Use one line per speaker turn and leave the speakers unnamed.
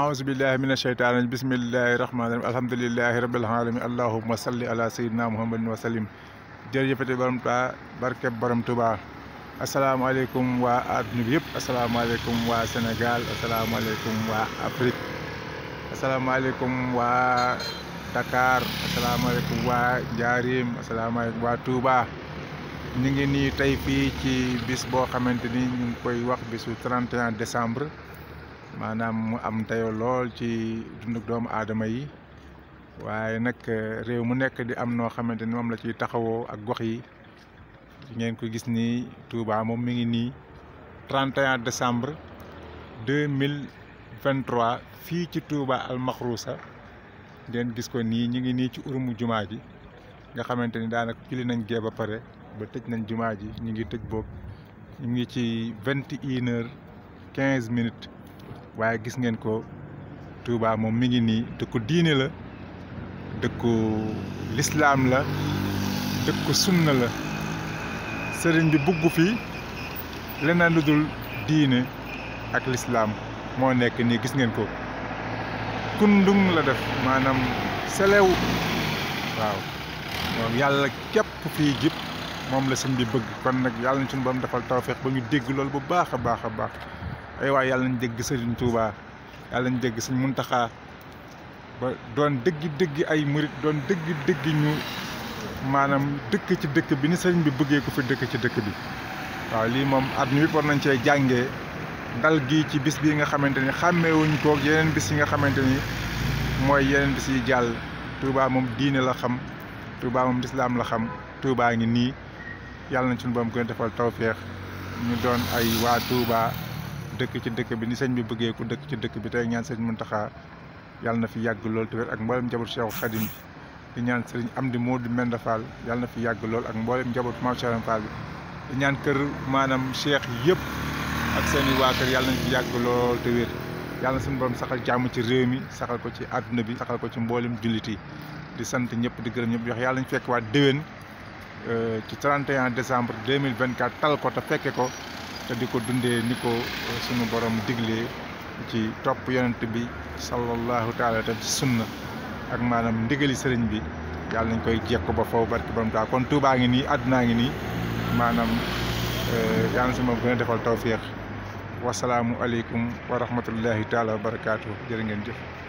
aouzu billahi min asheytaan rajim bismillahi rahmaani rahim alhamdulilahi rabbil alamin allahuma salli ala sayyidina muhammadin wa sallim jërëjëfati borom Tuubaa barkeb borom Tuubaa asalaamaaleykum waa adduna bi yëpp asalaamaaleykum waa Sénégal asalaamaaleykum waa Afrique asalaamaaleykum waa Dakar asalaamaaleykum waa Njaarim asalaamaaleykum waa Touba ñu ngi nii tey ci bis boo xamante ni ñu ngi koy wax bisu 31 manam mu am tayo lol ci dunduk doomu adama yi waye nak eh, rew mu nek di am no xamanteni mom la ci taxawoo ak gox yi ngeen ko gis ni Touba mom mi ngi ni 31 décembre 2023 fi ci Touba Almakhroussa den gis ko ni ñi ngi ni ci urum jumaa ji nga xamante ni daanaka julli nañ gee ba pare ba tëj nañ jumaa ji ngi tëj bok ñi ngi ci 21 h 15 minutes waaye gis ngeen ko Touba moom mi ngi nii dëkku diine la dëkku lislaam la dëkku sunna la sëriñ bi bugg fii leneen lu dul diine ak lislaam moo nekk nii gis ngeen ko kundung la def maanaam selew waaw moom yàlla képp fii jib moom la sëñ bi bëgg kon nag yàlla na suñu borom defal tawfeex ba ñu dégg loolu bu baax a baax a baax ay wa yalla ñu dégg serigne Touba yalla ñu dégg serigne Muntaxa ba doon dégg dégg ay mourid doon dégg dégg ñu manam dëkk ci dëkk bi ni serigne bi bëggee ko fi dëkk ci dëkk bi waaw lii moom at ñu yëpp war nañ cee jàngee dal gi ci bis bi nga xamante ni xàmmeewuñ koog yeneen bis yi nga xamante ni mooy yeneen bis yi jàll Touba moom diine la xam Touba moom lislaam la xam Touba ngi nii yàlla nañ suñu boom gën defal tawféex ñu doon ay waa Touba dëkk ci dëkk bi ni sëñ bi bëggee ku dëkk ci dëkk bi tey ñaan sëñ Muntaxa yàlla na fi yàgg lool te wér ak mboolem njaboot Cheikh Khadim di ñaan sëriñ Amdi Modou Menda Fall yàlla na fi yàgg lool ak mboolem njaboot Maam Cheikh Fall bi di ñaan kër maanaam cheikh yëpp ak seen waa kër yàlla nañ fi yàgg lool te wér yàlla na suñu borom saxal jàmm ci réew mi saxal ko ci àdduna bi saxal ko ci mboolem jullit yi di sant ñëpp di gërëm ñëpp wax yàlla nañ fekk waa déwén euh, ci decembre 31 décembre 2024 tal ko te fekkee ko di ko dundee ni ko sunu borom diglee ci topp yonent bi sallallahu taala tam ci sunna ak maanaam ndigali sëriñ bi yàlla nañ koy jekko ba faw barki borom taa kon tuubaa ngi nii àddunaa ngi nii maanaam eh, yàlla na si moom gën a defal tawféex wasalaamu aleykum wa rahmatullahi taala wa barakaatu jërë ngeen jëf